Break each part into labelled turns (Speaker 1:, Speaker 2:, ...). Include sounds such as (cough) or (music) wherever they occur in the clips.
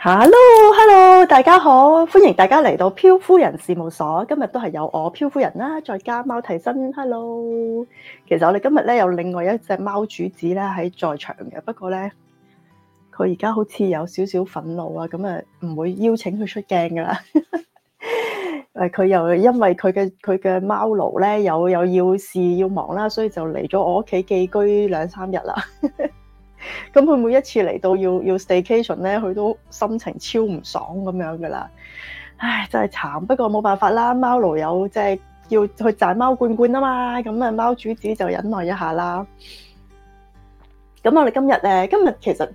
Speaker 1: Hello，Hello，Hello，大家好，歡迎大家嚟到漂夫人事務所。今日都係有我漂夫人啦，再加貓提身。Hello，其實我哋今日咧有另外一隻貓主子咧喺在場嘅，不過咧佢而家好似有少少憤怒啊，咁啊唔會邀請佢出鏡噶啦。誒，佢又因為佢嘅佢嘅貓奴咧，有有要事要忙啦，所以就嚟咗 (laughs) 我屋企寄居兩三日啦。咁佢每一次嚟到要要 staycation 咧，佢都心情超唔爽咁樣噶啦，唉，真係慘。不過冇辦法啦，貓奴有即係要去賺貓罐罐啊嘛，咁啊貓主子就忍耐一下啦。咁我哋今日咧，今日其實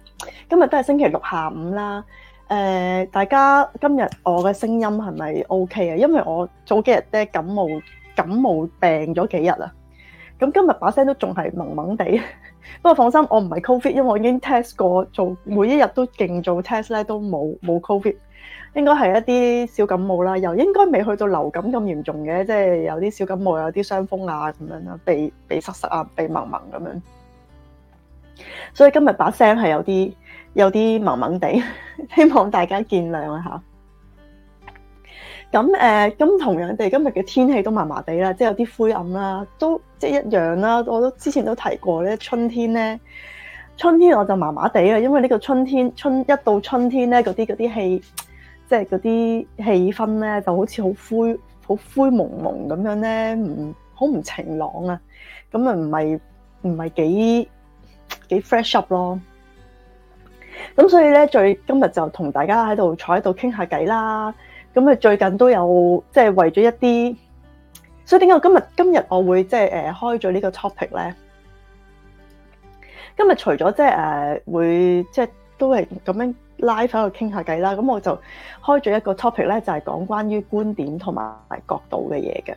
Speaker 1: 今日都係星期六下午啦。誒、呃，大家今日我嘅聲音係咪 ok 啊？因為我早幾日咧感冒，感冒病咗幾日啦，咁今日把聲都仲係萌萌地。不過放心，我唔係 COVID，因為我已經 test 過，做每一日都勁做 test 咧，都冇冇 COVID，應該係一啲小感冒啦，又應該未去到流感咁嚴重嘅，即係有啲小感冒，有啲傷風啊咁樣啦，鼻鼻塞塞啊，鼻蒙蒙咁樣，所以今日把聲係有啲有啲蒙蒙地，希望大家見諒一下。咁誒，咁、嗯、同樣地，今日嘅天氣都麻麻地啦，即係有啲灰暗啦，都即係一樣啦。我都之前都提過咧，春天咧，春天我就麻麻地啦，因為呢個春天春一到春天咧，嗰啲啲氣，即係嗰啲氣氛咧，就好似好灰，好灰濛濛咁樣咧，唔好唔晴朗啊，咁啊唔係唔係幾幾 fresh up 咯。咁所以咧，最今日就同大家喺度坐喺度傾下偈啦。咁啊，最近都有即係、就是、為咗一啲，所以點解我今日今日我會即係誒開咗呢個 topic 咧？今日除咗、呃、即係誒會即係都係咁樣 live 喺度傾下偈啦。咁我就開咗一個 topic 咧，就係、是、講關於觀點同埋角度嘅嘢嘅。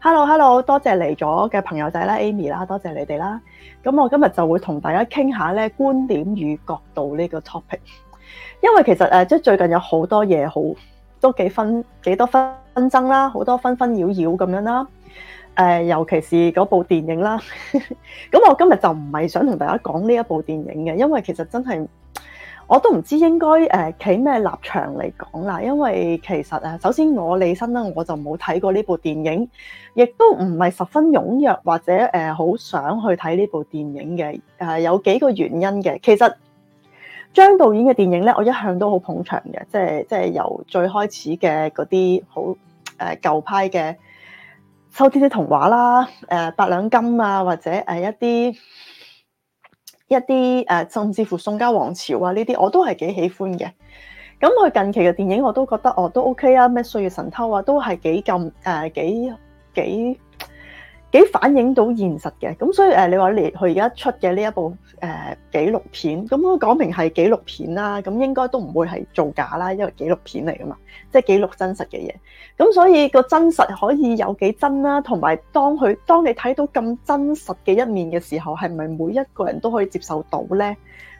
Speaker 1: Hello，Hello，hello，多謝嚟咗嘅朋友仔啦，Amy 啦，多謝你哋啦。咁我今日就會同大家傾下咧，觀點與角度呢個 topic，因為其實誒即係最近有好多嘢好。都幾分幾多紛爭啦，好多紛紛擾擾咁樣啦。誒、呃，尤其是嗰部電影啦。咁我今日就唔係想同大家講呢一部電影嘅，因為其實真係我都唔知應該誒企咩立場嚟講啦。因為其實啊，首先我李身啦，我就冇睇過呢部電影，亦都唔係十分踴躍或者誒好、呃、想去睇呢部電影嘅。誒、呃，有幾個原因嘅，其實。張導演嘅電影咧，我一向都好捧場嘅，即係即係由最開始嘅嗰啲好誒舊派嘅《秋天的童話》啦，誒、呃、《八兩金》啊，或者誒、呃、一啲一啲誒、呃，甚至乎《宋家王朝》啊呢啲，我都係幾喜歡嘅。咁佢近期嘅電影我都覺得哦都 OK 啊，咩《歲月神偷》啊，都係幾咁誒幾幾。呃幾反映到現實嘅，咁所以誒，你話你佢而家出嘅呢一部誒紀錄片，咁講明係紀錄片啦，咁應該都唔會係造假啦，因為紀錄片嚟噶嘛，即係紀錄真實嘅嘢。咁所以個真實可以有幾真啦，同埋當佢當你睇到咁真實嘅一面嘅時候，係咪每一個人都可以接受到咧？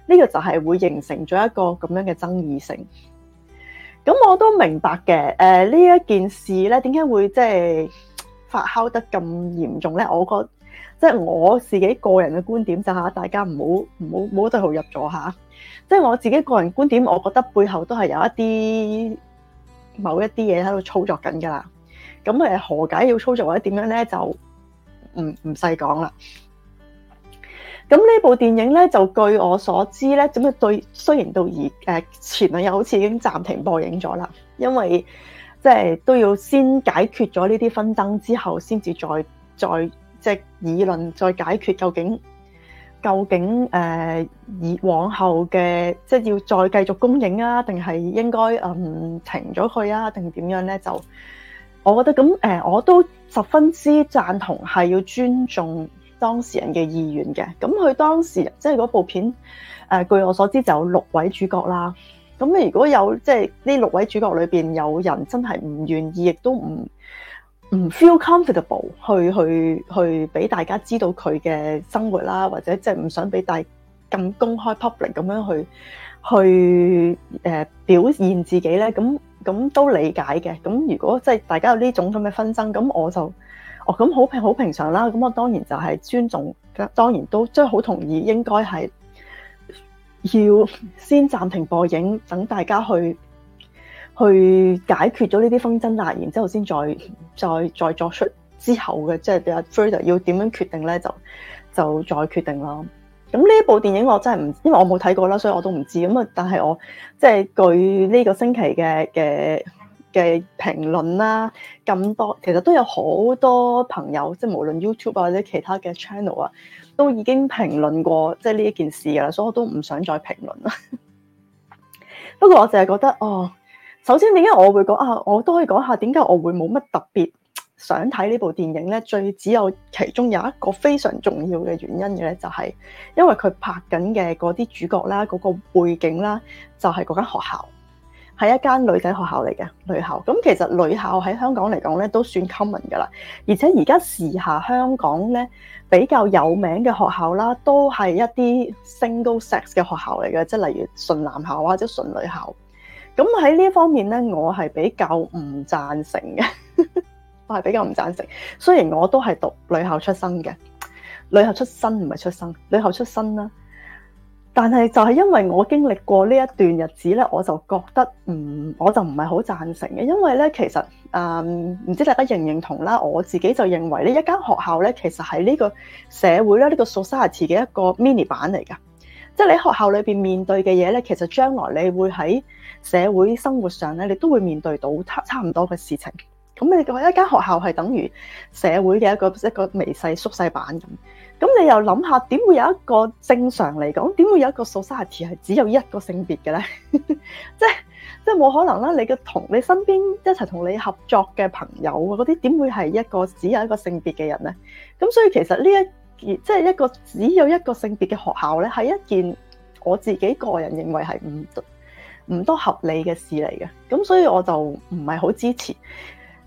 Speaker 1: 呢個就係會形成咗一個咁樣嘅爭議性。咁我都明白嘅，誒、呃、呢一件事咧，點解會即係？就是發酵得咁嚴重咧，我覺得即係我自己個人嘅觀點就吓，大家唔好唔好唔好對號入座吓。即係我自己個人觀點，我覺得背後都係有一啲某一啲嘢喺度操作緊噶啦。咁誒，何解要操作或者點樣咧？就唔唔細講啦。咁呢部電影咧，就據我所知咧，咁樣對雖然到而誒前兩日好似已經暫停播映咗啦，因為。即係都要先解決咗呢啲紛爭之後才先至再再即係議論，再解決究竟究竟誒以、呃、往後嘅即係要再繼續供應啊，定係應該嗯停咗佢啊，定點樣咧？就我覺得咁誒、呃，我都十分之贊同係要尊重當事人嘅意願嘅。咁佢當時即係嗰部片誒、呃，據我所知就有六位主角啦。咁如果有即係呢六位主角裏邊有人真係唔願意，亦都唔唔 feel comfortable 去去去俾大家知道佢嘅生活啦，或者即係唔想俾大咁公開 public 咁樣去去誒、呃、表現自己咧，咁咁都理解嘅。咁如果即係大家有呢種咁嘅紛爭，咁我就哦咁好平好平常啦。咁我當然就係尊重，當然都即係好同意，應該係。要先暫停播映，等大家去去解決咗呢啲紛爭啦，然之後先再再再作出之後嘅，即係阿 Freder 要點樣決定咧，就就再決定啦。咁呢一部電影我真係唔，因為我冇睇過啦，所以我都唔知。咁啊，但係我即係據呢個星期嘅嘅嘅評論啦，咁多其實都有好多朋友，即係無論 YouTube 或者其他嘅 channel 啊。都已經評論過即係呢一件事噶啦，所以我都唔想再評論啦。 (laughs) 不過我淨係覺得，哦，首先點解我會講啊？我都可以講下點解我會冇乜特別想睇呢部電影咧？最只有其中有一個非常重要嘅原因嘅咧，就係因為佢拍緊嘅嗰啲主角啦，嗰個背景啦，就係嗰間學校。係一間女仔學校嚟嘅女校，咁其實女校喺香港嚟講咧都算 common 㗎啦。而且而家時下香港咧比較有名嘅學校啦，都係一啲 single sex 嘅學校嚟嘅，即係例如純男校、啊、或者純女校。咁喺呢一方面咧，我係比較唔贊成嘅， (laughs) 我係比較唔贊成。雖然我都係讀女校出身嘅，女校出身唔係出生，女校出身啦。但係就係因為我經歷過呢一段日子咧，我就覺得唔、嗯，我就唔係好贊成嘅。因為咧，其實誒唔、嗯、知道大家認唔認同啦，我自己就認為呢一間學校咧，其實係呢個社會咧，呢、呢個 society 嘅一個 mini 版嚟㗎。即、就、係、是、你喺學校裏邊面，面對嘅嘢咧，其實將來你會喺社會生活上咧，你都會面對到差差唔多嘅事情。咁你覺得一間學校係等於社會嘅一個一個微細縮細版咁。咁你又諗下，點會有一個正常嚟講，點會有一個 society 係只有一個性別嘅咧？ (laughs) 即係即係冇可能啦！你嘅同你身邊一齊同你合作嘅朋友嗰啲，點會係一個只有一個性別嘅人咧？咁所以其實呢一件即係一個只有一個性別嘅學校咧，係一件我自己個人認為係唔唔多合理嘅事嚟嘅。咁所以我就唔係好支持。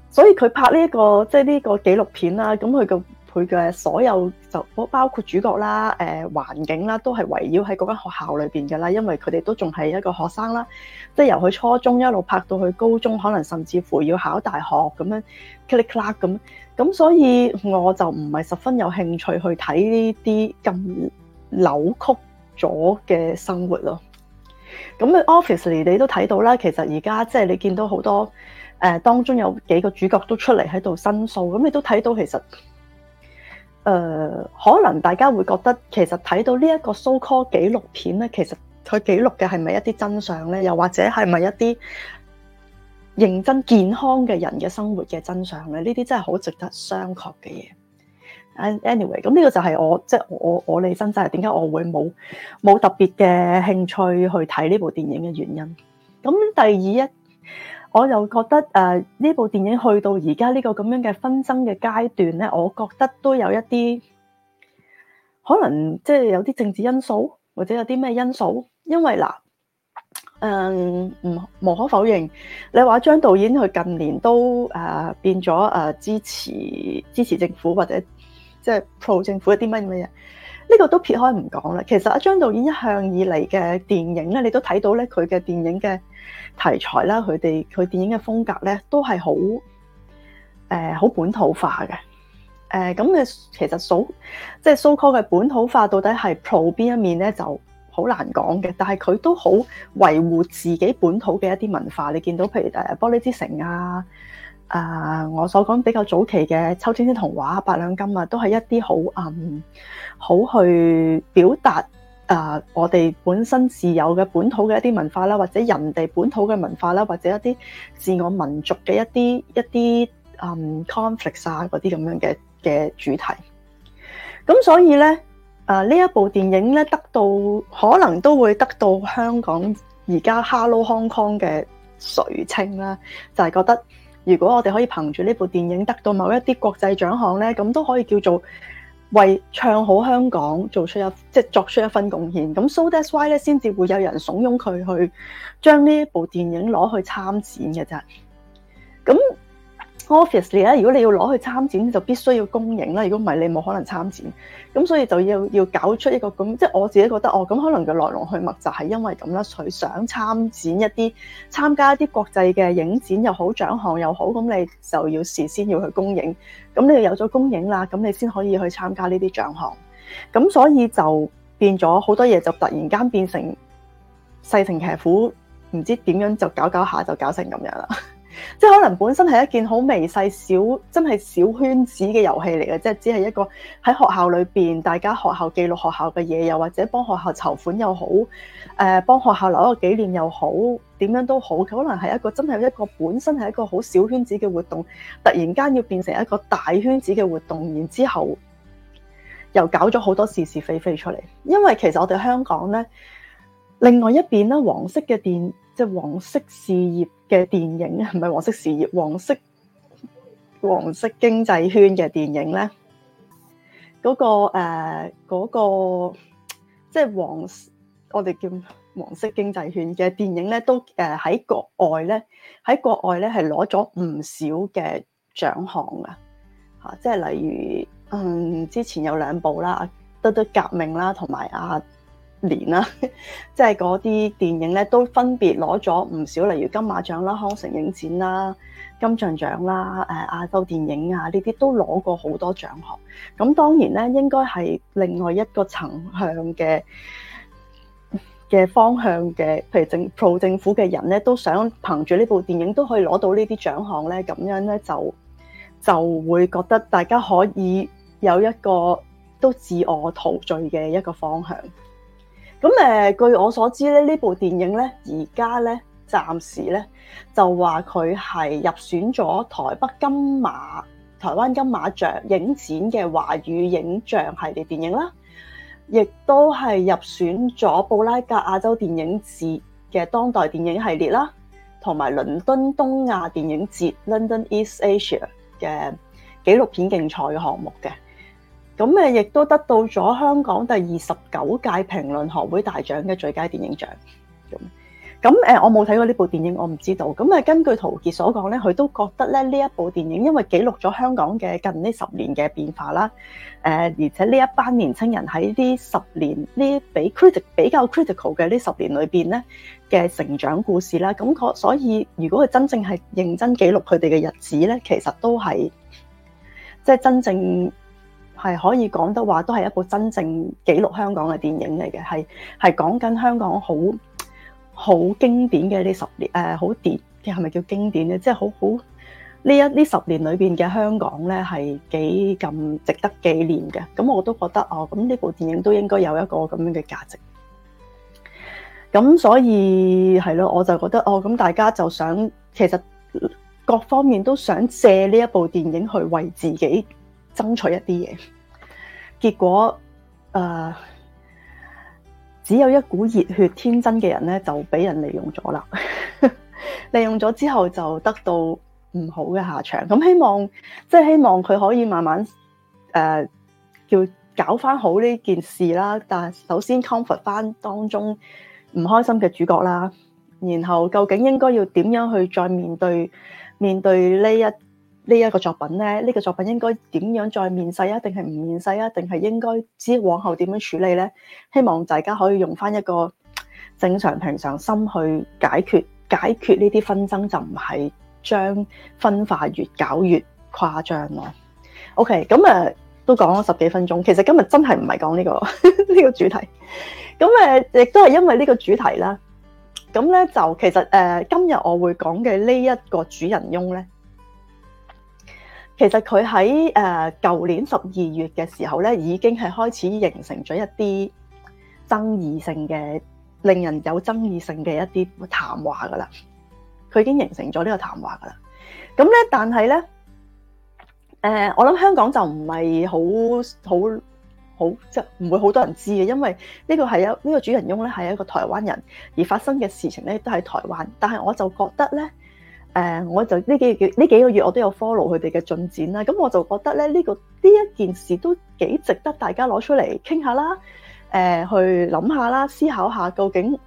Speaker 1: 所以佢拍呢、這、一個即係呢個紀錄片啦，咁佢嘅。佢嘅所有就包括主角啦，誒、呃、環境啦，都係圍繞喺嗰間學校裏邊噶啦，因為佢哋都仲係一個學生啦，即係由佢初中一路拍到去高中，可能甚至乎要考大學咁樣，click clack 咁，咁所以我就唔係十分有興趣去睇呢啲咁扭曲咗嘅生活咯。咁 Obviously 你都睇到啦，其實而家即係你見到好多誒、呃、當中有幾個主角都出嚟喺度申訴，咁你都睇到其實。誒、呃，可能大家會覺得其實睇到呢一個 so called 紀錄片咧，其實佢記錄嘅係咪一啲真相咧？又或者係咪一啲認真健康嘅人嘅生活嘅真相咧？呢啲真係好值得商榷嘅嘢。anyway，咁呢個就係我即係、就是、我我我你真真係點解我會冇冇特別嘅興趣去睇呢部電影嘅原因。咁第二一。我又覺得誒呢、呃、部電影去到而家呢個咁樣嘅紛爭嘅階段咧，我覺得都有一啲可能即係有啲政治因素，或者有啲咩因素？因為嗱，誒唔無可否認，你話張導演佢近年都誒、呃、變咗誒、呃、支持支持政府或者即係 pro 政府一啲乜乜嘢。呢個都撇開唔講啦。其實阿張導演一向以嚟嘅電影咧，你都睇到咧佢嘅電影嘅題材啦，佢哋佢電影嘅風格咧都係好誒好本土化嘅。誒咁嘅其實蘇即係蘇科嘅本土化到底係 Pro 邊一面咧，就好難講嘅。但係佢都好維護自己本土嘅一啲文化。你見到譬如誒《玻璃之城》啊。啊！Uh, 我所講比較早期嘅《秋天的童話》、《八兩金》啊，都係一啲好嗯好去表達啊！Uh, 我哋本身自有嘅本土嘅一啲文化啦，或者人哋本土嘅文化啦，或者一啲自我民族嘅一啲一啲嗯、um, conflict 啊，嗰啲咁樣嘅嘅主題。咁所以咧，啊、uh, 呢一部電影咧，得到可能都會得到香港而家 Hello Hong Kong 嘅垂青啦，就係、是、覺得。如果我哋可以憑住呢部電影得到某一啲國際獎項咧，咁都可以叫做為唱好香港做出一即係作出一份貢獻。咁 so that's why 咧，先至會有人慫恿佢去將呢一部電影攞去參展嘅啫。咁 Obviously 咧，如果你要攞去參展，就必須要公映啦。如果唔係，你冇可能參展。咁所以就要要搞出一個咁，即係我自己覺得哦，咁可能嘅來龍去脈就係因為咁啦。佢想參展一啲參加一啲國際嘅影展又好，獎項又好，咁你就要事先要去公映。咁你就有咗公映啦，咁你先可以去參加呢啲獎項。咁所以就變咗好多嘢，就突然間變成勢成騎虎，唔知點樣就搞搞下就搞成咁樣啦。即係可能本身係一件好微細小，真係小圈子嘅遊戲嚟嘅，即係只係一個喺學校裏邊，大家學校記錄學校嘅嘢，又或者幫學校籌款又好，誒、呃、幫學校留一個紀念又好，點樣都好，可能係一個真係一個本身係一個好小圈子嘅活動，突然間要變成一個大圈子嘅活動，然之後又搞咗好多是是非非出嚟，因為其實我哋香港咧，另外一邊咧黃色嘅電，即係黃色事業。嘅電影，唔係黃色事業、黃色黃色經濟圈嘅電影咧，嗰個誒嗰個即係黃，我哋叫黃色經濟圈嘅電影咧，都誒喺國外咧，喺國外咧係攞咗唔少嘅獎項㗎吓，即係例如嗯，之前有兩部啦，《得得革命》啦，同埋啊。年啦、啊，即係嗰啲電影咧，都分別攞咗唔少，例如金馬獎啦、康城影展啦、金像獎啦、誒亞洲電影啊呢啲都攞過好多獎項。咁當然咧，應該係另外一個層向嘅嘅方向嘅，譬如政 pro 政府嘅人咧，都想憑住呢部電影都可以攞到呢啲獎項咧，咁樣咧就就會覺得大家可以有一個都自我陶醉嘅一個方向。咁誒，據我所知咧，呢部電影咧，而家咧，暫時咧就話佢係入選咗台北金馬、台灣金馬獎影展嘅華語影像系列電影啦，亦都係入選咗布拉格亞洲電影節嘅當代電影系列啦，同埋倫敦東亞電影節 （London East Asia） 嘅紀錄片競賽嘅項目嘅。咁誒，亦都得到咗香港第二十九屆評論學會大獎嘅最佳電影獎。咁咁誒，我冇睇過呢部電影，我唔知道。咁誒，根據陶傑所講咧，佢都覺得咧呢一部電影，因為記錄咗香港嘅近呢十年嘅變化啦。誒，而且呢一班年青人喺呢十年呢比 critical 比較 critical 嘅呢十年裏邊咧嘅成長故事啦，咁所以如果佢真正係認真記錄佢哋嘅日子咧，其實都係即係真正。係可以講得話，都係一部真正記錄香港嘅電影嚟嘅，係係講緊香港好好經典嘅呢十年，誒，好電嘅係咪叫經典咧？即係好好呢一呢十年裏邊嘅香港咧，係幾咁值得紀念嘅。咁我都覺得哦，咁呢部電影都應該有一個咁樣嘅價值。咁所以係咯，我就覺得哦，咁大家就想，其實各方面都想借呢一部電影去為自己。爭取一啲嘢，結果誒、呃、只有一股熱血天真嘅人咧，就俾人利用咗啦。利用咗之後，就得到唔好嘅下場。咁希望即係、就是、希望佢可以慢慢誒、呃、叫搞翻好呢件事啦。但係首先 comfort 翻當中唔開心嘅主角啦，然後究竟應該要點樣去再面對面對呢一呢一個作品咧，呢、這個作品應該點樣再面世啊？定係唔面世啊？定係應該知往後點樣處理咧？希望大家可以用返一個正常平常心去解決解決呢啲紛爭，就唔係將分化越搞越誇張咯。OK，咁、嗯、啊都講咗十幾分鐘，其實今日真係唔係講呢個呢 (laughs) 個主題。咁、嗯、誒，亦都係因為呢個主題啦。咁咧就其實誒、呃，今日我會講嘅呢一個主人翁咧。其實佢喺誒舊年十二月嘅時候咧，已經係開始形成咗一啲爭議性嘅、令人有爭議性嘅一啲談話㗎喇。佢已經形成咗呢個談話㗎喇。咁咧，但係咧，誒，我諗香港就唔係好好好即係唔會好多人知嘅，因為呢個係一呢個主人翁咧係一個台灣人而發生嘅事情咧都喺台灣。但係我就覺得咧。誒，我就呢幾呢幾個月，個月我都有 follow 佢哋嘅進展啦。咁我就覺得咧，呢、呢個呢一件事都幾值得大家攞出嚟傾下啦。誒、呃，去諗下啦，思考下究竟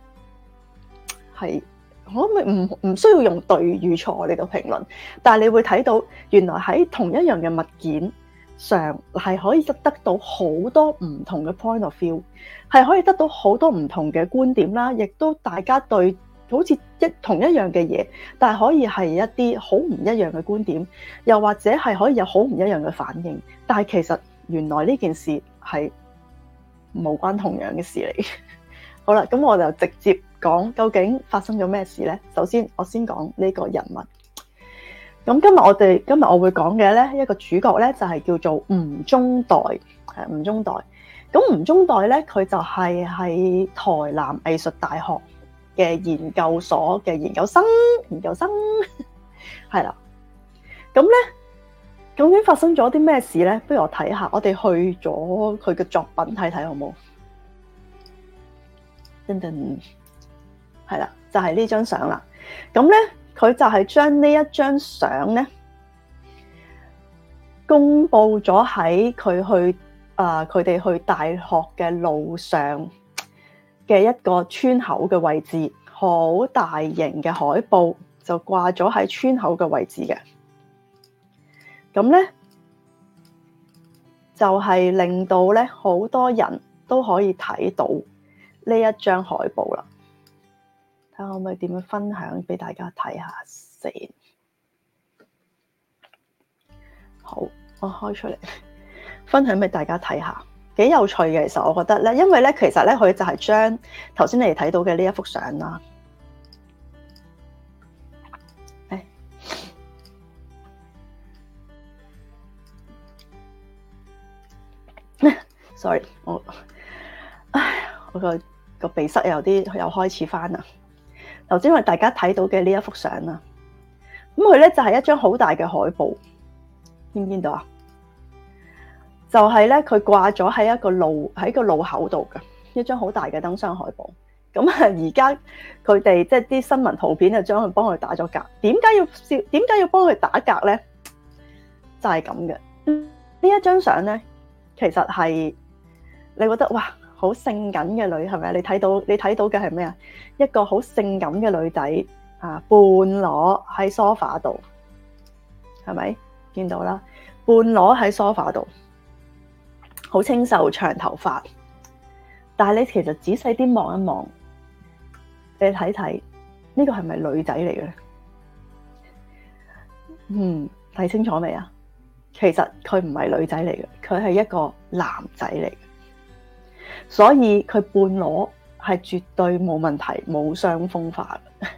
Speaker 1: 係可唔唔需要用對與錯嚟到評論，但係你會睇到原來喺同一樣嘅物件上係可以得得到好多唔同嘅 point of view，係可以得到好多唔同嘅觀點啦。亦都大家對。好似一同一樣嘅嘢，但係可以係一啲好唔一樣嘅觀點，又或者係可以有好唔一樣嘅反應。但係其實原來呢件事係無關同樣嘅事嚟。好啦，咁我就直接講，究竟發生咗咩事咧？首先，我先講呢個人物。咁今日我哋今日我會講嘅咧，一個主角咧就係叫做吳宗岱，係吳宗岱。咁吳宗岱咧，佢就係喺台南藝術大學。嘅研究所嘅研究生，研究生係啦。咁 (laughs) 咧，究竟發生咗啲咩事咧？不如我睇下，我哋去咗佢嘅作品睇睇，好冇？等等，係啦，就係、是、呢張相啦。咁咧，佢就係將呢一張相咧公布咗喺佢去啊，佢、呃、佢哋去大學嘅路上。嘅一個村口嘅位置，好大型嘅海報就掛咗喺村口嘅位置嘅，咁咧就係、是，令到咧好多人都可以睇到呢一張海報啦。睇下我咪點樣分享俾大家睇下先。好，我開出嚟，分享俾大家睇下。幾有趣嘅，其實我覺得咧，因為咧，其實咧，佢就係將頭先你睇到嘅呢一幅相啦。誒，sorry，我，唉，我個個鼻塞有啲，又開始翻啦。頭先因為大家睇到嘅呢一幅相啦，咁佢咧就係一張好大嘅海報，見唔見到啊？就係咧，佢掛咗喺一個路喺個路口度嘅一張好大嘅燈箱海報。咁啊，而家佢哋即係啲新聞圖片就將佢幫佢打咗格。點解要點解要幫佢打格咧？就係咁嘅呢一張相咧，其實係你覺得哇，好性感嘅女係咪啊？你睇到你睇到嘅係咩啊？一個好性感嘅女仔啊，半裸喺梳化度係咪？見到啦？半裸喺梳化度。好清秀長頭髮，但係你其實仔細啲望一望，你睇睇呢個係咪女仔嚟嘅咧？嗯，睇清楚未啊？其實佢唔係女仔嚟嘅，佢係一個男仔嚟，所以佢半裸係絕對冇問題，冇傷風化嘅。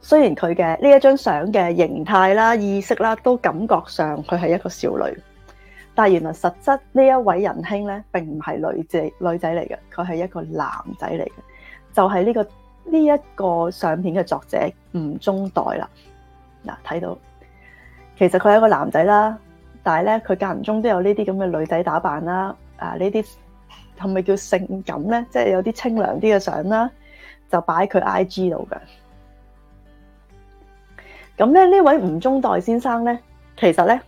Speaker 1: 雖然佢嘅呢一張相嘅形態啦、意識啦，都感覺上佢係一個少女。但係原來實質呢一位仁兄咧，並唔係女仔女仔嚟嘅，佢係一個男仔嚟嘅，就係呢個呢一個相片嘅作者吳宗岱啦。嗱，睇到其實佢係一個男仔啦，但係咧佢間唔中都有呢啲咁嘅女仔打扮啦，啊呢啲係咪叫性感咧？即係有啲清涼啲嘅相啦，就擺佢 I G 度嘅。咁咧呢這位吳宗岱先生咧，其實咧。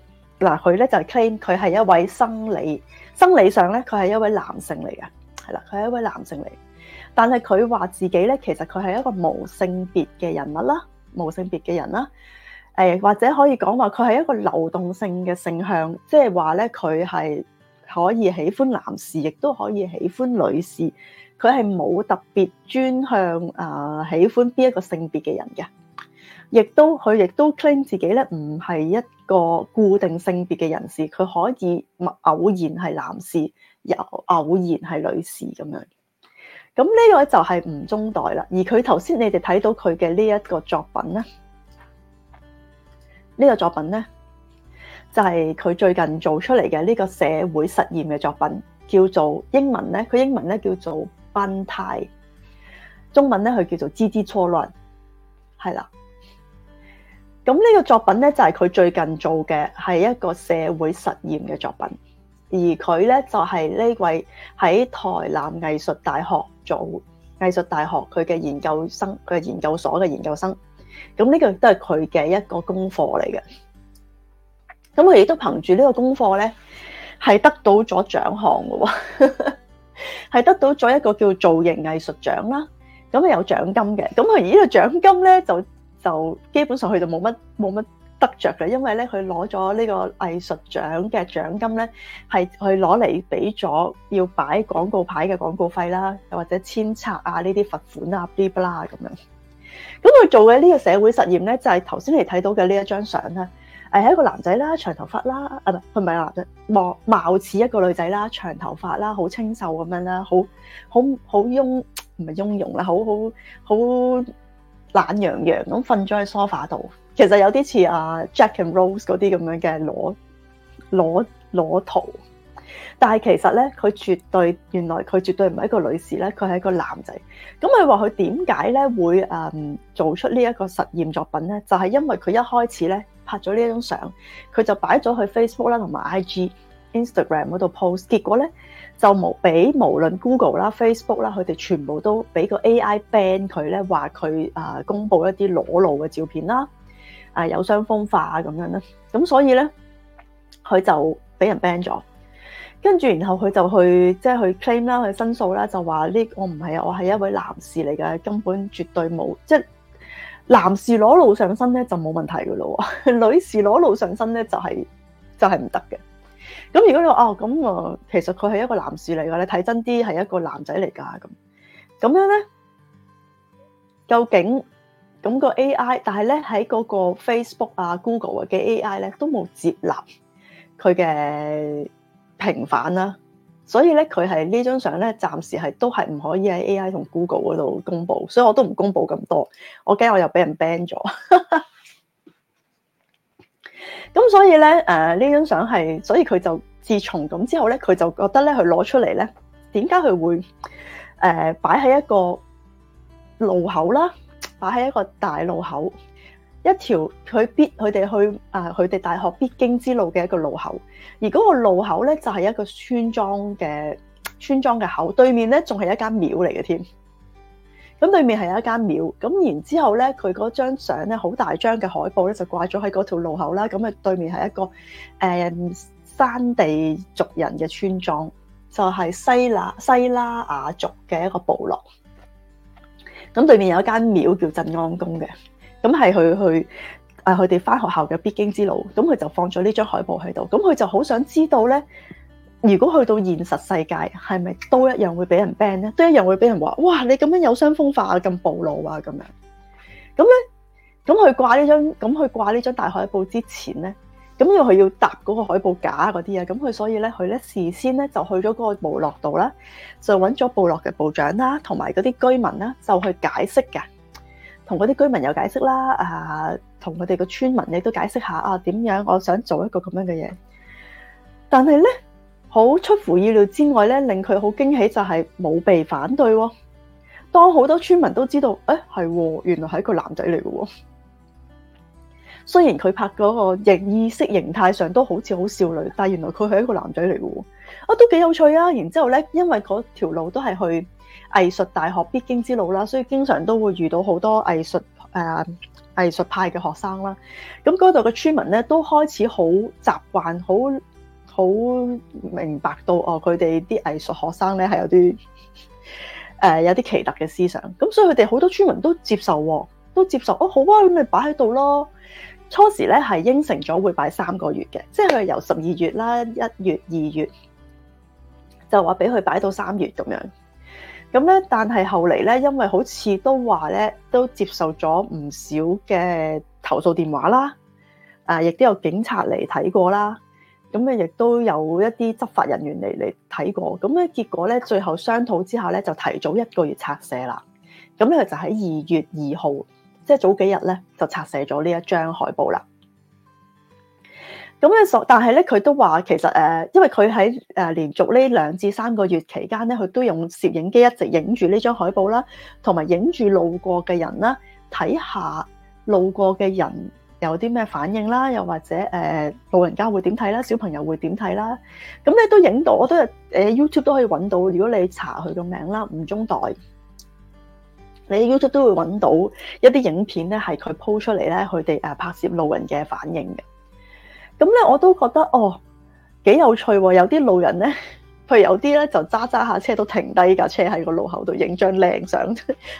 Speaker 1: 嗱，佢咧就係 claim，佢係一位生理生理上咧，佢係一位男性嚟嘅，係啦，佢係一位男性嚟。但係佢話自己咧，其實佢係一個無性別嘅人物啦，無性別嘅人啦，誒，或者可以講話，佢係一個流動性嘅性向，即係話咧佢係可以喜歡男士，亦都可以喜歡女士，佢係冇特別專向啊喜歡邊一個性別嘅人嘅。亦都佢，亦都 claim 自己咧，唔係一個固定性別嘅人士，佢可以默偶然係男士，又偶然係女士咁樣。咁呢個就係吳宗岱啦。而佢頭先你哋睇到佢嘅呢一個作品咧，呢、這個作品咧就係、是、佢最近做出嚟嘅呢個社會實驗嘅作品，叫做英文咧，佢英文咧叫做《BanTai》，中文咧佢叫做《雞雞錯亂》，係啦。咁呢個作品咧就係、是、佢最近做嘅，係一個社會實驗嘅作品。而佢咧就係、是、呢位喺台南藝術大學做藝術大學佢嘅研究生，佢嘅研究所嘅研究生。咁呢個都係佢嘅一個功課嚟嘅。咁佢亦都憑住呢個功課咧，係得到咗獎項嘅，係 (laughs) 得到咗一個叫做造型藝術獎啦。咁啊有獎金嘅，咁佢而呢個獎金咧就。就基本上佢就冇乜冇乜得着嘅，因為咧佢攞咗呢個藝術獎嘅獎金咧，係去攞嚟俾咗要擺廣告牌嘅廣告費啦，又或者簽冊啊呢啲罰款啊，啲不啦咁樣。咁佢做嘅呢個社會實驗咧，就係頭先你睇到嘅呢一張相啦，誒係一個男仔啦，長頭髮啦，啊佢唔係男仔，貌貌似一個女仔啦，長頭髮啦，好清秀咁樣啦，好好好雍唔係雍容啦，好好好。懶洋洋咁瞓咗喺梳化度，其實有啲似阿 Jack and Rose 嗰啲咁樣嘅裸裸裸圖，但係其實咧佢絕對原來佢絕對唔係一個女士咧，佢係一個男仔。咁佢話佢點解咧會誒、嗯、做出呢一個實驗作品咧？就係、是、因為佢一開始咧拍咗呢一張相，佢就擺咗去 Facebook 啦同埋 IG。Instagram 嗰度 post，結果咧就冇俾無論 Google 啦、Facebook 啦，佢哋全部都俾個 AI ban 佢咧，話佢啊公佈一啲裸露嘅照片啦，啊有傷風化咁樣咧，咁所以咧佢就俾人 ban 咗。跟住然後佢就去即係去 claim 啦，去申訴啦，就話呢我唔係我係一位男士嚟嘅，根本絕對冇即係男士裸露上身咧就冇問題噶咯喎，女士裸露上身咧就係、係、就係唔得嘅。咁如果你話哦，咁我其實佢係一個男士嚟嘅。你睇真啲係一個男仔嚟噶咁，咁樣咧，究竟咁、咁個 A I，但係咧喺嗰個 Facebook 啊 Go、Google 啊嘅 A I 咧都冇接納佢嘅平反啦，所以咧佢係呢張相咧暫時係都係唔可以喺 A I 同 Google 嗰度公布，所以我都唔公布咁多，我驚我又俾人 ban 咗。咁所以咧，誒呢張相係，所以佢就自從咁之後咧，佢就覺得咧，佢攞出嚟咧，點解佢會誒擺喺一個路口啦，擺喺一個大路口，一條佢必佢哋去啊，佢哋大學必經之路嘅一個路口，而嗰個路口咧就係一個村莊嘅村莊嘅口，對面咧仲係一間廟嚟嘅添。咁對面係有一間廟，咁然之後咧，佢嗰張相咧好大張嘅海報咧就掛咗喺嗰條路口啦。咁啊，對面係一個誒、嗯、山地族人嘅村莊，就係、是、西拉西拉雅族嘅一個部落。咁對面有一間廟叫鎮安宮嘅，咁係佢去啊佢哋返學校嘅必經之路。咁佢就放咗呢張海報喺度，咁佢就好想知道咧。如果去到現實世界，係咪都一樣會俾人 ban 咧？都一樣會俾人話：哇！你咁樣有傷風化咁暴露啊，咁樣。咁咧，咁佢掛呢張，咁佢掛呢張大海報之前咧，咁要佢要搭嗰個海報架嗰啲啊，咁佢所以咧，佢咧事先咧就去咗嗰個部落度啦，就揾咗部落嘅部長啦，同埋嗰啲居民啦，就去解釋嘅，同嗰啲居民有解釋啦，啊，同佢哋嘅村民亦都解釋一下啊，點樣我想做一個咁樣嘅嘢，但係咧。好出乎意料之外咧，令佢好驚喜就係、是、冇被反對、哦。當好多村民都知道，誒、哎、係、哦，原來係一個男仔嚟嘅。雖然佢拍嗰個形意識形態上都好似好少女，但係原來佢係一個男仔嚟嘅。啊，都幾有趣啊！然之後咧，因為嗰條路都係去藝術大學必經之路啦，所以經常都會遇到好多藝術誒、呃、藝術派嘅學生啦。咁嗰度嘅村民咧都開始好習慣好。好明白到哦，佢哋啲藝術學生咧係有啲誒、呃、有啲奇特嘅思想，咁所以佢哋好多村民都接受喎、哦，都接受哦，好啊，咁咪擺喺度咯。初時咧係應承咗會擺三個月嘅，即係佢由十二月啦、一月、二月，就話俾佢擺到三月咁樣。咁咧，但係後嚟咧，因為好似都話咧都接受咗唔少嘅投訴電話啦，啊，亦都有警察嚟睇過啦。咁咧，亦都有一啲執法人員嚟嚟睇過，咁咧結果咧，最後商討之下咧，就提早一個月拆卸啦。咁咧就喺二月二號，即係早幾日咧，就拆卸咗呢一張海報啦。咁咧所，但係咧，佢都話其實誒、呃，因為佢喺誒連續呢兩至三個月期間咧，佢都用攝影機一直影住呢張海報啦，同埋影住路過嘅人啦，睇下路過嘅人。有啲咩反應啦？又或者誒老、呃、人家會點睇啦？小朋友會點睇啦？咁咧都影到，我都誒、呃、YouTube 都可以揾到。如果你查佢個名啦，吳宗岱，你 YouTube 都會揾到一啲影片咧，係佢 po 出嚟咧，佢哋誒拍攝路人嘅反應嘅。咁咧我都覺得哦幾有趣喎！有啲路人咧，譬如有啲咧就揸揸下車都停低架車喺個路口度影張靚相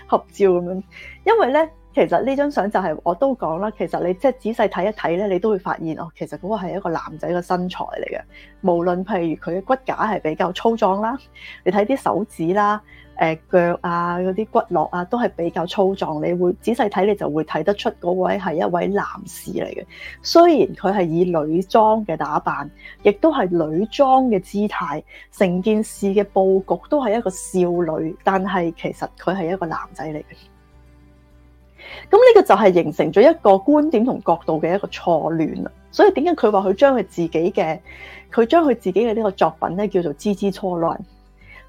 Speaker 1: 合照咁樣，因為咧。其實呢張相就係、是、我都講啦，其實你即係仔細睇一睇咧，你都會發現哦，其實嗰個係一個男仔嘅身材嚟嘅。無論譬如佢嘅骨架係比較粗壯啦，你睇啲手指啦、呃、腳啊嗰啲骨骼啊，都係比較粗壯。你會仔細睇你就會睇得出嗰位係一位男士嚟嘅。雖然佢係以女裝嘅打扮，亦都係女裝嘅姿態，成件事嘅佈局都係一個少女，但係其實佢係一個男仔嚟嘅。咁呢個就係形成咗一個觀點同角度嘅一個錯亂啦，所以點解佢話佢將佢自己嘅佢將佢自己嘅呢個作品咧叫做雞雞錯亂，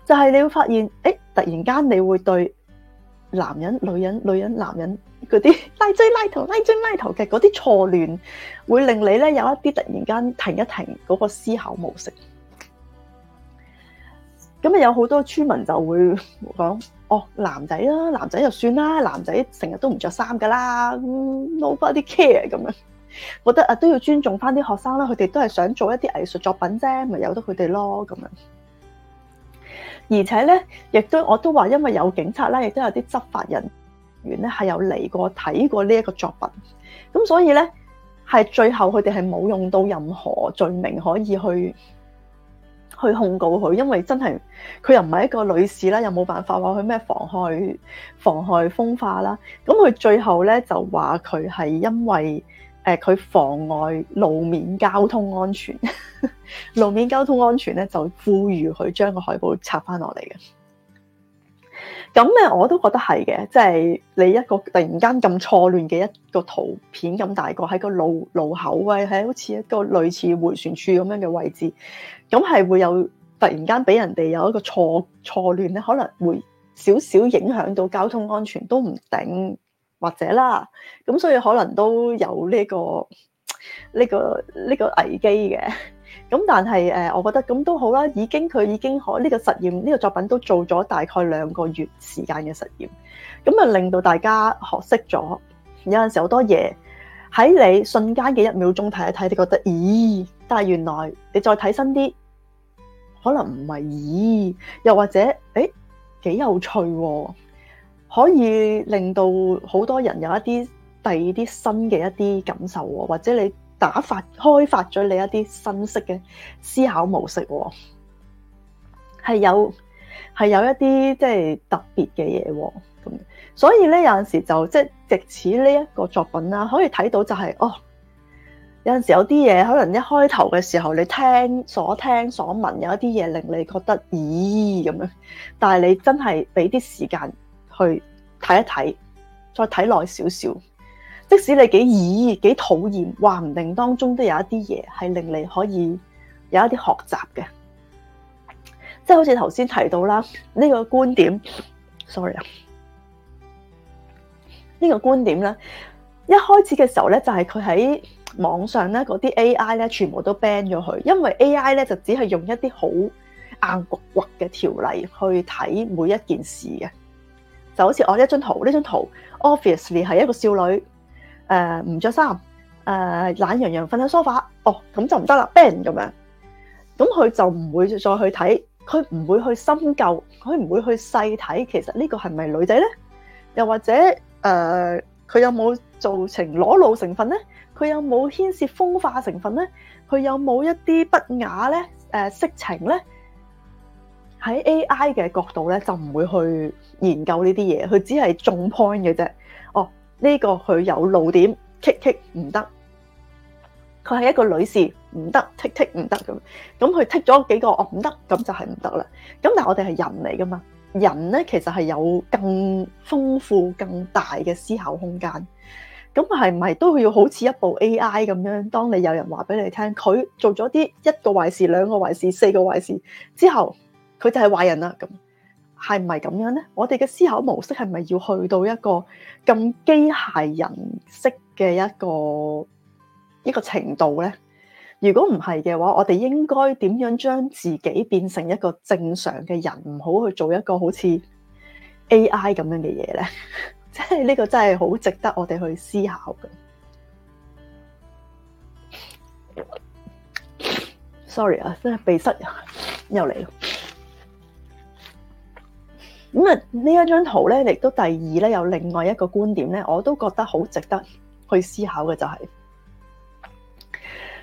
Speaker 1: 就係、是、你會發現，誒，突然間你會對男人、女人、女人、男人嗰啲拉追拉頭、拉追拉頭嘅嗰啲錯亂，會令你咧有一啲突然間停一停嗰個思考模式。咁啊，有好多村民就會講：哦，男仔啦，男仔就算啦，男仔成日都唔着衫㗎啦，nobody care 咁樣。覺得啊，都要尊重返啲學生啦，佢哋都係想做一啲藝術作品啫，咪由得佢哋咯咁樣。而且咧，亦都我都話，因為有警察啦，亦都有啲執法人員咧係有嚟過睇過呢一個作品，咁所以咧係最後佢哋係冇用到任何罪名可以去去控告佢，因為真係，佢又唔係一個女士啦，又冇辦法話佢咩妨害妨害風化啦。咁佢最後咧就話，佢係因為誒，佢、呃、妨礙路面交通安全， (laughs) 路面交通安全咧就呼籲佢將個海報拆翻落嚟嘅。咁咧，我都覺得係嘅，即係你一個突然間咁錯亂嘅一個圖片咁大個喺個路路口位，係，係好似一個類似迴旋處咁樣嘅位置，咁係會有突然間俾人哋有一個錯錯亂咧，可能會少少影響到交通安全都唔頂或者啦，咁所以可能都有呢個呢個呢個危機嘅。咁但係誒，我覺得咁都好啦，已經佢已經可呢個實驗呢個作品都做咗大概兩個月時間嘅實驗，咁啊令到大家學識咗，有陣時好多嘢喺你瞬間嘅一秒鐘睇一睇，你覺得咦？但係原來你再睇新啲，可能唔係咦？又或者誒，幾有趣喎，可以令到好多人有一啲第二啲新嘅一啲感受，或者你。打發開發咗你一啲新式嘅思考模式，係有係有一啲即係特別嘅嘢，咁所以咧有陣時就即係藉此呢一個作品啦，可以睇到就係、是、哦，有陣時有啲嘢可能一開頭嘅時候你聽所聽所聞有一啲嘢令你覺得咦咁樣，但係你真係俾啲時間去睇一睇，再睇耐少少。即使你幾二幾討厭，話唔定當中都有一啲嘢係令你可以有一啲學習嘅，即係好似頭先提到啦，呢個觀點，sorry 啊，呢個觀點咧，一開始嘅時候咧就係佢喺網上咧嗰啲 AI 咧全部都 ban 咗佢，因為 AI 咧就只係用一啲好硬掘掘嘅條例去睇每一件事嘅，就好似我呢一張圖，呢張圖 obviously 係一個少女。誒，唔着衫，誒、呃，懶洋洋瞓喺梳化，哦，咁就唔得啦，ban 咁樣，咁佢就唔會再去睇，佢唔會去深究，佢唔會去細睇，其實個是是呢個係咪女仔咧？又或者誒，佢、呃、有冇造成裸露成分咧？佢有冇牽涉風化成分咧？佢有冇一啲不雅咧？誒、呃，色情咧？喺 AI 嘅角度咧，就唔會去研究呢啲嘢，佢只係重 point 嘅啫，哦。呢個佢有露點，剔剔，唔得，佢係一個女士唔得，剔剔唔得咁，咁佢剔咗幾個、哦、是我唔得，咁就係唔得啦。咁但係我哋係人嚟噶嘛，人咧其實係有更豐富、更大嘅思考空間。咁係唔係都要好似一部 AI 咁樣？當你有人話俾你聽，佢做咗啲一,一個壞事、兩個壞事、四個壞事之後，佢就係壞人啦咁。係唔係咁樣呢？我哋嘅思考模式係咪要去到一個咁機械人式嘅一個一個程度呢？如果唔係嘅話，我哋應該點樣將自己變成一個正常嘅人，唔好去做一個好似 AI 咁樣嘅嘢呢？即係呢個真係好值得我哋去思考嘅。Sorry 啊，真係鼻塞又嚟。咁啊，呢一張圖咧，亦都第二咧，有另外一個觀點咧，我都覺得好值得去思考嘅，就係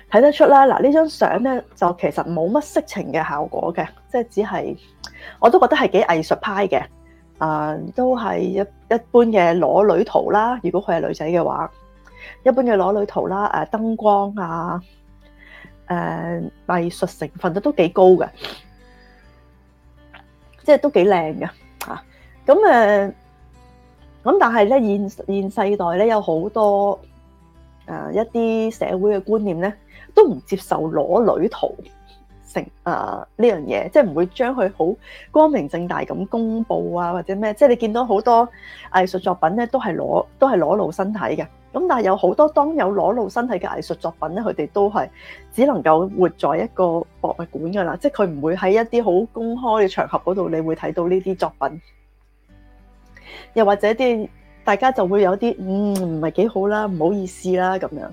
Speaker 1: 睇得出啦。嗱，呢張相咧就其實冇乜色情嘅效果嘅，即係只係我都覺得係幾藝術派嘅。啊、呃，都係一一般嘅裸女圖啦。如果佢係女仔嘅話，一般嘅裸女圖啦，誒、呃、燈光啊，誒藝術成分都都幾高嘅，即係都幾靚嘅。咁誒，咁但係咧，現現世代咧有好多誒、啊、一啲社會嘅觀念咧，都唔接受裸女圖成誒呢、啊、樣嘢，即係唔會將佢好光明正大咁公布啊，或者咩？即、就、係、是、你見到好多藝術作品咧，都係裸都係裸露身體嘅。咁但係有好多當有裸露身體嘅藝術作品咧，佢哋都係只能夠活在一個博物館噶啦，即係佢唔會喺一啲好公開嘅場合嗰度，你會睇到呢啲作品。又或者啲大家就會有啲嗯，唔係幾好啦，唔好意思啦咁樣。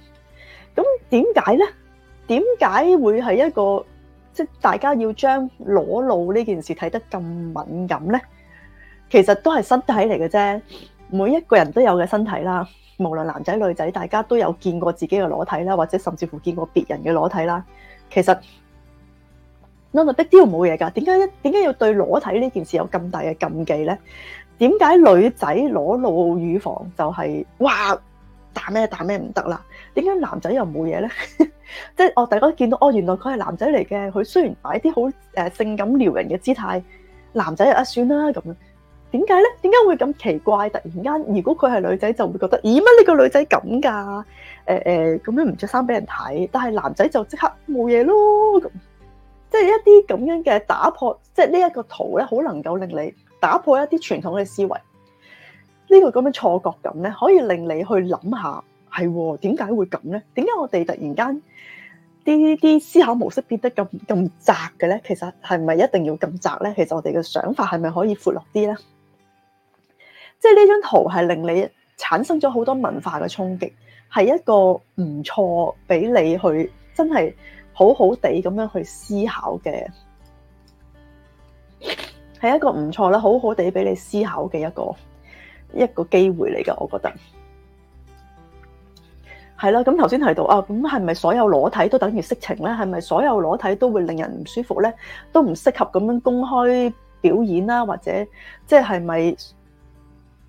Speaker 1: 咁點解咧？點解會係一個即係大家要將裸露呢件事睇得咁敏感咧？其實都係身體嚟嘅啫，每一個人都有嘅身體啦。無論男仔女仔，大家都有見過自己嘅裸體啦，或者甚至乎見過別人嘅裸體啦。其實 Not a big deal，冇嘢噶。點解？點解要對裸體呢件事有咁大嘅禁忌咧？點解女仔裸露乳房就係哇彈咩彈咩唔得啦？點解男仔又冇嘢咧？即 (laughs) 係我大家間見到，哦原來佢係男仔嚟嘅。佢雖然擺啲好誒性感撩人嘅姿態，男仔又一算啦咁樣。點解咧？點解會咁奇怪？突然間，如果佢係女仔，就會覺得咦乜你呢個女仔咁㗎？誒誒，咁樣唔着衫俾人睇，但係男仔就即刻冇嘢咯。即係一啲咁樣嘅打破，即係呢一個圖咧，好能夠令你，打破一啲傳統嘅思維，呢個咁嘅錯覺感咧，可以令你去諗下，係點解會咁咧？點解我哋突然間啲啲思考模式變得咁咁窄嘅咧？其實係唔係一定要咁窄咧？其實我哋嘅想法係咪可以闊落啲咧？即係呢張圖係令你產生咗好多文化嘅衝擊，係一個唔錯俾你去真係好好地咁樣去思考嘅。係一個唔錯啦，很好好地俾你思考嘅一個一個機會嚟噶，我覺得係啦。咁頭先提到啊，咁係咪所有裸體都等於色情咧？係咪所有裸體都會令人唔舒服咧？都唔適合咁樣公開表演啦，啊，或者即係係咪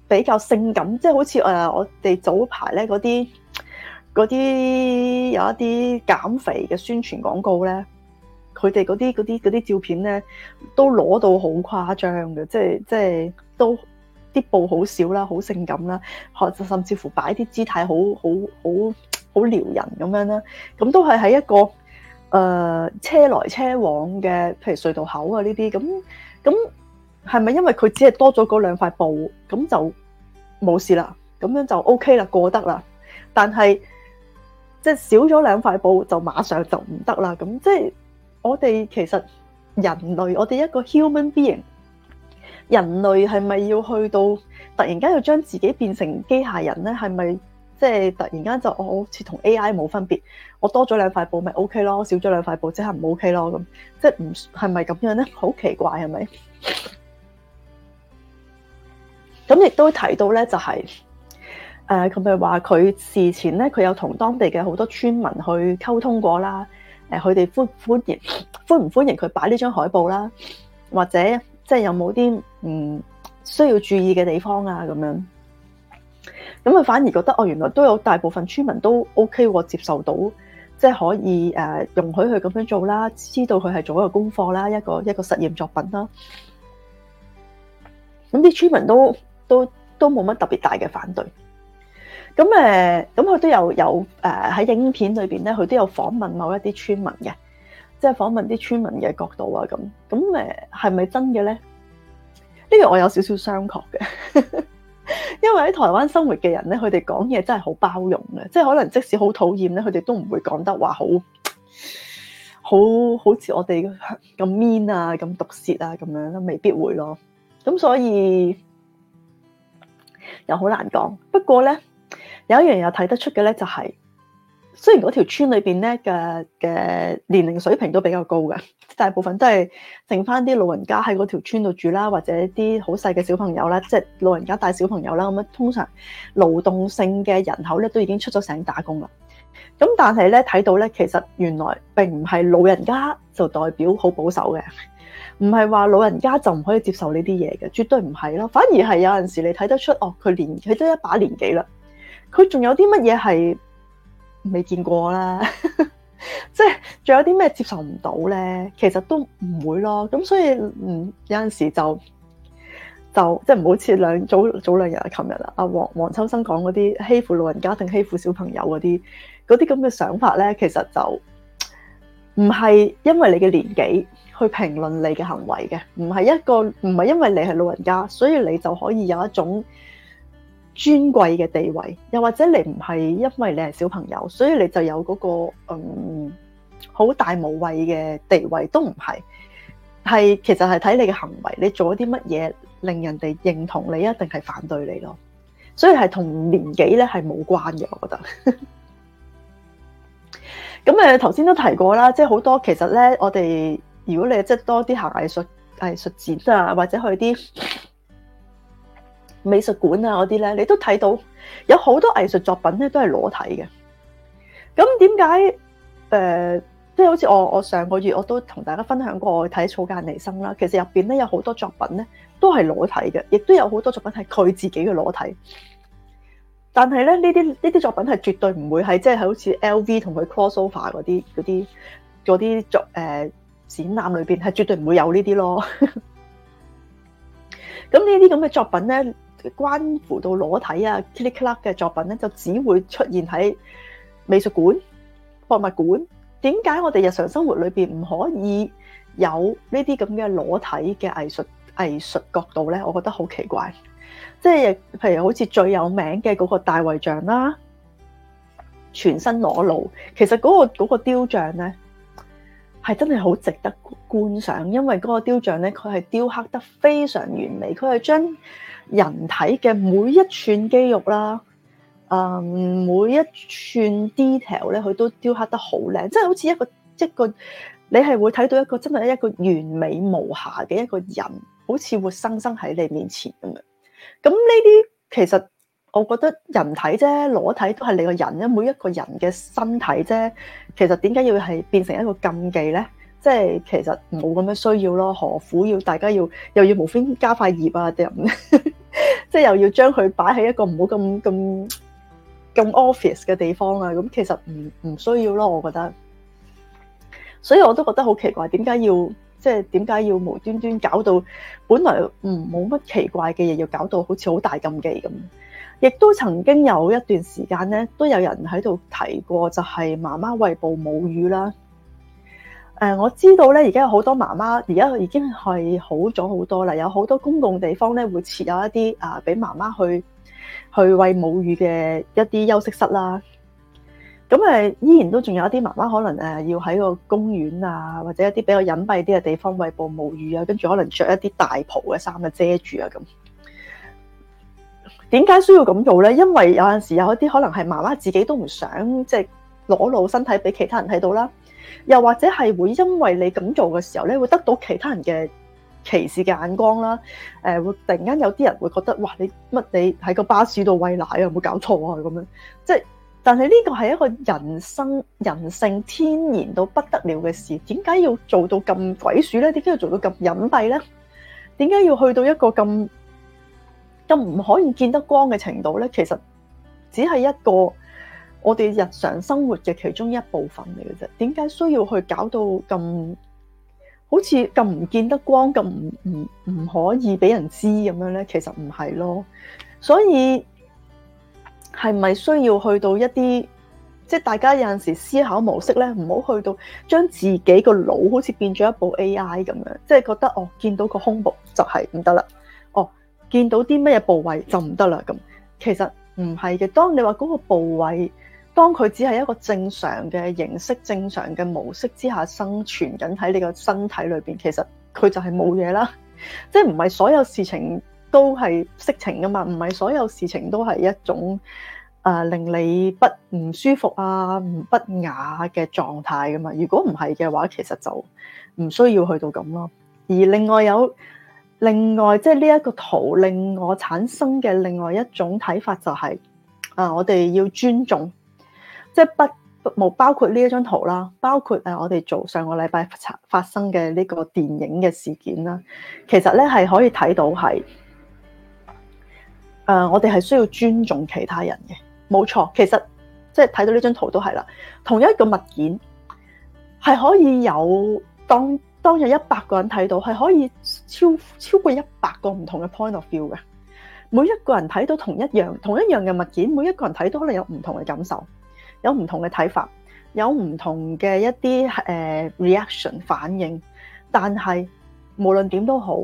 Speaker 1: 比較性感？即係好似誒、呃，我哋早排咧嗰啲嗰啲有一啲減肥嘅宣傳廣告咧。佢哋嗰啲嗰啲啲照片咧，都攞到好誇張嘅，即係即係都啲布好少啦，好性感啦，甚至乎擺啲姿態好好好好撩人咁樣啦。咁都係喺一個誒、呃、車來車往嘅，譬如隧道口啊呢啲咁咁，係咪因為佢只係多咗嗰兩塊布，咁就冇事啦？咁樣就 OK 啦，過得啦。但係即係少咗兩塊布，就馬上就唔得啦。咁即係。我哋其實人類，我哋一個 human being，人類係咪要去到突然間要將自己變成機械人咧？係咪即係突然間就我好似同 AI 冇分別？我多咗兩塊布咪 OK 咯，少咗兩塊布即係唔 OK 咯咁，即係唔係咪咁樣咧？好奇怪係咪？咁亦都提到咧、就係，就係誒佢咪話佢事前咧，佢有同當地嘅好多村民去溝通過啦。誒，佢哋歡唔歡迎，歡唔歡迎佢擺呢張海報啦，或者即係有冇啲唔需要注意嘅地方啊，咁樣，咁佢反而覺得哦，原來都有大部分村民都 OK 喎，接受到，即係可以誒容許佢咁樣做啦，知道佢係做一個功課啦，一個一個實驗作品啦，咁啲村民都都都冇乜特別大嘅反對。咁咁佢都有有喺、呃、影片裏面呢，咧，佢都有訪問某一啲村民嘅，即係訪問啲村民嘅角度啊。咁咁係咪真嘅咧？呢個我有少少商榷嘅， (laughs) 因為喺台灣生活嘅人咧，佢哋講嘢真係好包容嘅，即係可能即使討厭好討厭咧，佢哋都唔會講得話好好好似我哋咁 mean 啊、咁毒舌啊咁樣，未必會咯。咁所以又好難講。不過咧。有一樣又睇得出嘅咧，就係，就係雖然嗰條村裏邊咧嘅嘅年齡水平都比較高嘅，大部分都係剩翻啲老人家喺嗰條村度住啦，或者啲好細嘅小朋友啦，即、就、係、是、老人家帶小朋友啦。咁樣，通常勞動性嘅人口咧都已經出咗城打工啦。咁但係咧睇到咧，其實原來並唔係老人家就代表好保守嘅，唔係話老人家就唔可以接受呢啲嘢嘅，絕對唔係咯。反而係有陣時你睇得出，哦，佢年佢都一把年紀啦。佢仲有啲乜嘢係未見過啦？即係仲有啲咩接受唔到咧？其實都唔會咯。咁所以，嗯，有陣時就就即係唔好似兩早早兩日啊，琴日啦，阿黃黃秋生講嗰啲欺負老人家定欺負小朋友嗰啲嗰啲咁嘅想法咧，其實就唔係因為你嘅年紀去評論你嘅行為嘅，唔係一個唔係因為你係老人家，所以你就可以有一種，尊貴嘅地位，又或者你唔係因為你係小朋友，所以你就有嗰個嗯好大無畏嘅地位，都唔係，係其實係睇你嘅行為，你做咗啲乜嘢令人哋認同你，一定係反對你咯。所以係同年紀咧係冇關嘅，我覺得。咁 (laughs) 誒，頭先都提過啦，即係好多其實咧，我哋如果你即係多啲行藝術藝術展啊，或者去啲。美術館啊嗰啲咧，你都睇到有好多藝術作品咧都係裸體嘅。咁點解？誒，即係好似我我上個月我都同大家分享過睇草間彌生啦。其實入邊咧有好多作品咧都係裸體嘅，亦都有好多作品係佢自己嘅裸體。但係咧，呢啲呢啲作品係絕對唔會係即係好似 LV 同佢 Crossover 嗰啲嗰啲嗰啲作誒展覽裏邊係絕對唔會有呢啲咯。咁呢啲咁嘅作品咧，關乎到裸體啊、clicky clicky 嘅作品咧，就只會出現喺美術館、博物館。點解我哋日常生活裏邊唔可以有呢啲咁嘅裸體嘅藝術藝術角度咧？我覺得好奇怪。即係，譬如好似最有名嘅嗰個大衛像啦，全身裸露。其實嗰、嗰個、嗰個雕像咧，係真係好值得觀賞，因為嗰個雕像咧，佢係雕刻得非常完美，佢係將。人體嘅每一寸肌肉啦，誒、嗯、每一寸 detail 咧，佢都雕刻得很是好靚，即係好似一個一個，你係會睇到一個真係一個完美無瑕嘅一個人，好似活生生喺你面前咁樣。咁呢啲其實我覺得人體啫，裸體都係你個人，因每一個人嘅身體啫。其實點解要係變成一個禁忌咧？即係其實冇咁樣需要咯，何苦要大家要又要無非加塊葉啊 (laughs) 即係又要將佢擺喺一個唔好咁咁咁 obvious 嘅地方啊，咁其實唔唔需要咯，我覺得。所以我都覺得好奇怪，點解要即係點解要無端端搞到本來唔冇乜奇怪嘅嘢，要搞到好似好大禁忌咁。亦都曾經有一段時間咧，都有人喺度提過，就係、是、媽媽餵哺母乳啦。誒、呃，我知道咧，而家有好多媽媽，而家已經係好咗好多啦。有好多公共地方咧，會設有一啲啊，俾媽媽去去餵母乳嘅一啲休息室啦。咁、嗯、誒，依然都仲有一啲媽媽可能誒、呃，要喺個公園啊，或者一啲比較隱蔽啲嘅地方餵哺母乳啊，跟住可能着一啲大袍嘅衫啊遮住啊咁。點解需要咁做咧？因為有陣時候有一啲可能係媽媽自己都唔想即係裸露身體俾其他人睇到啦。又或者係會因為你咁做嘅時候咧，會得到其他人嘅歧視嘅眼光啦。誒、呃，會突然間有啲人會覺得，哇，你乜你喺個巴士度餵奶啊？有冇搞錯啊？咁樣，即係，但係呢個係一個人生人性天然到不得了嘅事。點解要做到咁鬼鼠咧？點解要做到咁隱蔽咧？點解要去到一個咁咁唔可以見得光嘅程度咧？其實只係一個。我哋日常生活嘅其中一部分嚟嘅啫，點解需要去搞到咁好似咁唔見得光咁，唔唔可以俾人知咁樣咧？其實唔係咯，所以係咪需要去到一啲即係大家有陣時思考模式咧，唔好去到將自己個腦好似變咗一部 A I 咁樣，即係覺得哦，見到個胸部就係唔得啦，哦，見到啲乜嘢部位就唔得啦咁，其實唔係嘅。當你話嗰個部位，當佢只係一個正常嘅形式，正常嘅模式之下生存緊喺你個身體裏邊，其實佢就係冇嘢啦。即係唔係所有事情都係色情噶嘛。唔係所有事情都係一種誒、啊、令你不唔舒服啊、唔不、不雅嘅狀態噶嘛？如果唔係嘅話，其實就唔需要去到咁咯。而另外有另外，即係呢一個圖令我產生嘅另外一種睇法就係、是，啊，我哋要尊重。即係不冇包括呢一張圖啦，包括我哋做上個禮拜發生嘅呢個電影嘅事件啦。其實咧係可以睇到係我哋係需要尊重其他人嘅冇錯。其實即係睇到呢張圖都係啦，同一個物件係可以有當當有一百個人睇到係可以超超過一百個唔同嘅 point of view 嘅。每一個人睇到同一樣同一樣嘅物件，每一個人睇到可能有唔同嘅感受。有唔同嘅睇法，有唔同嘅一啲誒 reaction 反，反應，但係無論點都好，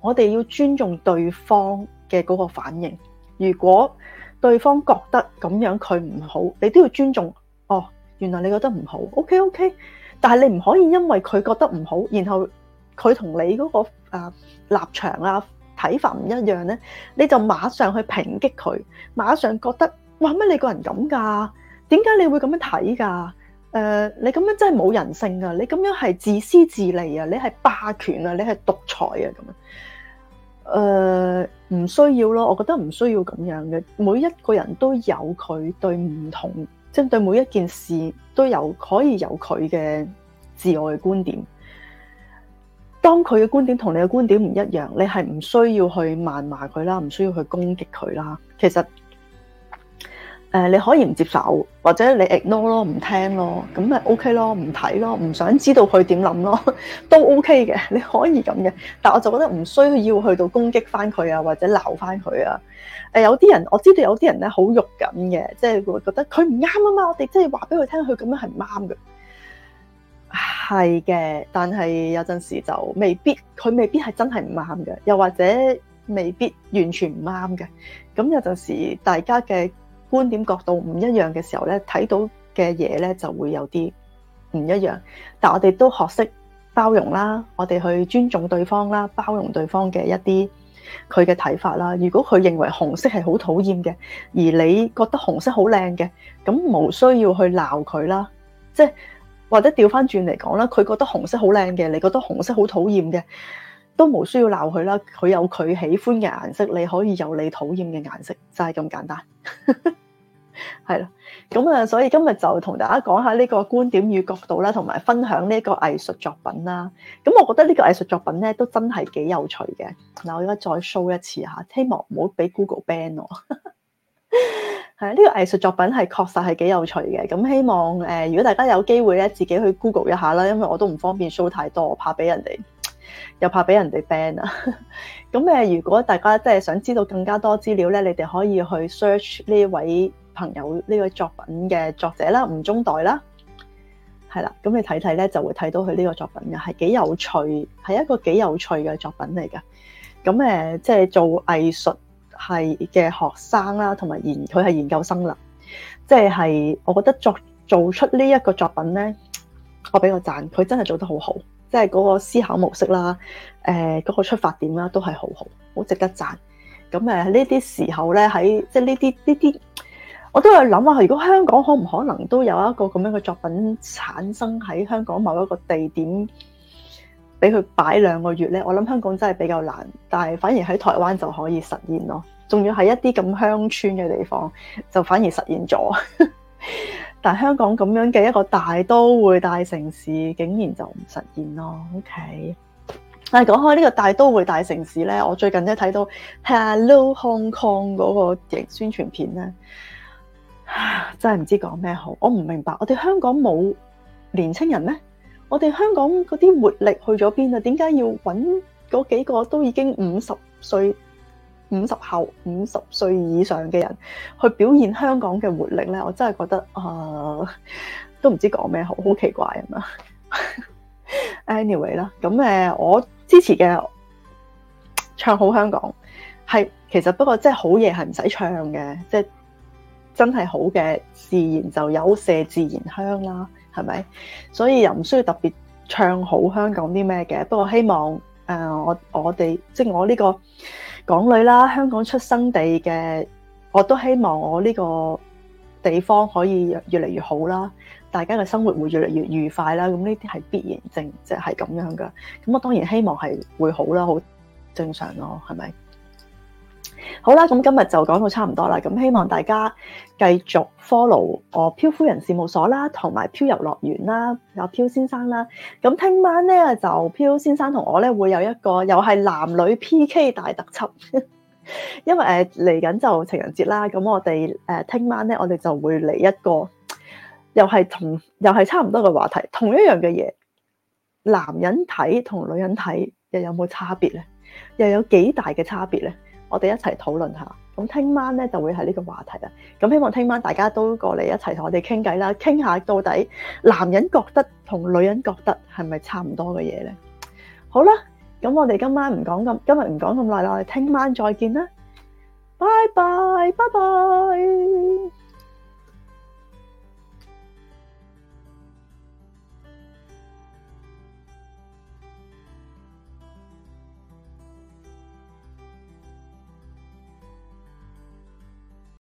Speaker 1: 我哋要尊重對方嘅嗰個反應。如果對方覺得咁樣佢唔好，你都要尊重。哦，原來你覺得唔好，OK OK。但係你唔可以因為佢覺得唔好，然後佢同你嗰個立場啊、睇法唔一樣咧，你就馬上去抨擊佢，馬上覺得哇乜你個人咁㗎？點解你會咁樣睇噶？誒，你咁樣真係冇人性噶，你咁樣係自私自利啊，你係霸權啊，你係獨裁啊咁樣？誒，唔需要咯，我覺得唔需要咁樣嘅。每一個人都有佢對唔同，即係對每一件事都有可以有佢嘅自我嘅觀點。當佢嘅觀點同你嘅觀點唔一樣，你係唔需要去謾罵佢啦，唔需要去攻擊佢啦。其實。誒，你可以唔接受，或者你 ignore 咯，唔聽咯，咁咪 OK 咯，唔睇咯，唔想知道佢點諗咯，都 OK 嘅，你可以咁嘅。但我就覺得唔需要去到攻擊翻佢啊，或者鬧翻佢啊。誒，有啲人我知道有啲人咧好肉緊嘅，即係會覺得佢唔啱啊嘛。我哋即係話俾佢聽，佢咁樣係唔啱嘅，係嘅。但係有陣時就未必，佢未必係真係唔啱嘅，又或者未必完全唔啱嘅。咁有陣時大家嘅觀點角度唔一樣嘅時候咧，睇到嘅嘢咧就會有啲唔一樣。但我哋都學識包容啦，我哋去尊重對方啦，包容對方嘅一啲佢嘅睇法啦。如果佢認為紅色係好討厭嘅，而你覺得紅色好靚嘅，咁無需要去鬧佢啦。即係或者調翻轉嚟講啦，佢覺得紅色好靚嘅，你覺得紅色好討厭嘅，都無需要鬧佢啦。佢有佢喜歡嘅顏色，你可以有你討厭嘅顏色，就係咁簡單。 (laughs) 係啦，咁啊，所以今日就同大家講下呢個觀點與角度啦，同埋分享呢個藝術作品啦。咁我覺得呢個藝術作品咧都真係幾有趣嘅。嗱，我而家再 show 一次吓，希望唔好俾 Google ban 我。係 (laughs) 啊，呢、呢個藝術作品係確實係幾有趣嘅。咁希望誒、呃，如果大家有機會咧，自己去 Google 一下啦，因為我都唔方便 show 太多，我怕俾人哋又怕俾人哋 ban 啊。咁 (laughs) 誒、呃，如果大家真係想知道更加多資料咧，你哋可以去 search 呢位。朋友呢個作品嘅作者啦，吳宗岱啦，係啦，咁你睇睇咧，就會睇到佢呢個作品嘅係幾有趣，係一個幾有趣嘅作品嚟噶。咁誒，即、呃就是、係做藝術系嘅學生啦，同埋研佢係研究生啦，即係，我覺得作做，做出呢一個作品咧，我俾個讚，佢真係做得好好，即係嗰個思考模式啦，誒、呃，嗰、那個出發點啦，都係好好，好值得讚。咁誒，呢、呃、啲時候咧，喺即係呢啲呢啲。就是我都有諗下，如果香港可唔可能都有一個咁樣嘅作品產生喺香港某一個地點，俾佢擺兩個月呢？我諗香港真係比較難，但係反而喺台灣就可以實現咯。仲要係一啲咁鄉村嘅地方，就反而實現咗。 (laughs) 但係香港咁樣嘅一個大都會大城市，竟然就唔實現咯。OK，但係講開呢個大都會大城市呢，我最近咧睇到 Hello Hong Kong 嗰個宣傳片呢。真係唔知講咩好，我唔明白，我哋香港冇年青人咩？我哋香港嗰啲活力去咗邊啊？點解要揾嗰幾個都已經五十歲、五十後、五十歲以上嘅人去表現香港嘅活力呢？我真係覺得、呃、都唔知講咩好，好奇怪啊嘛 (laughs) ！Anyway 啦，咁誒，我支持嘅唱好香港係其實不過即係好嘢係唔使唱嘅，即係。真係好嘅自然就有麝自然香啦，係咪？所以又唔需要特別唱好香港啲咩嘅。不過希望、呃、我我哋即係我呢個港女啦，香港出生地嘅，我都希望我呢個地方可以越嚟越好啦。大家嘅生活會越嚟越愉快啦。咁呢啲係必然性，即係係咁樣㗎。咁我當然希望係會好啦，好正常咯，係咪？好啦，咁今日就講到差唔多啦。咁希望大家繼續 follow 我漂夫人事務所啦，同埋漂遊樂園啦，有漂先生啦。咁聽晚咧就漂先生同我咧會有一個又係男女 PK 大特輯， (laughs) 因為誒嚟緊就情人節啦。咁我哋誒聽晚咧我哋就會嚟一個又係同又係差唔多嘅話題，同一樣嘅嘢，男人睇同女人睇又有冇差別咧？又有幾大嘅差別咧？我哋一齊討論下，咁聽晚咧就會係呢個話題啦。咁希望聽晚大家都過嚟一齊同我哋傾偈啦，傾下到底男人覺得同女人覺得係咪差唔多嘅嘢咧？好啦，咁我哋今晚唔講咁，今日唔講咁耐啦，我哋聽晚再見啦，拜拜拜拜。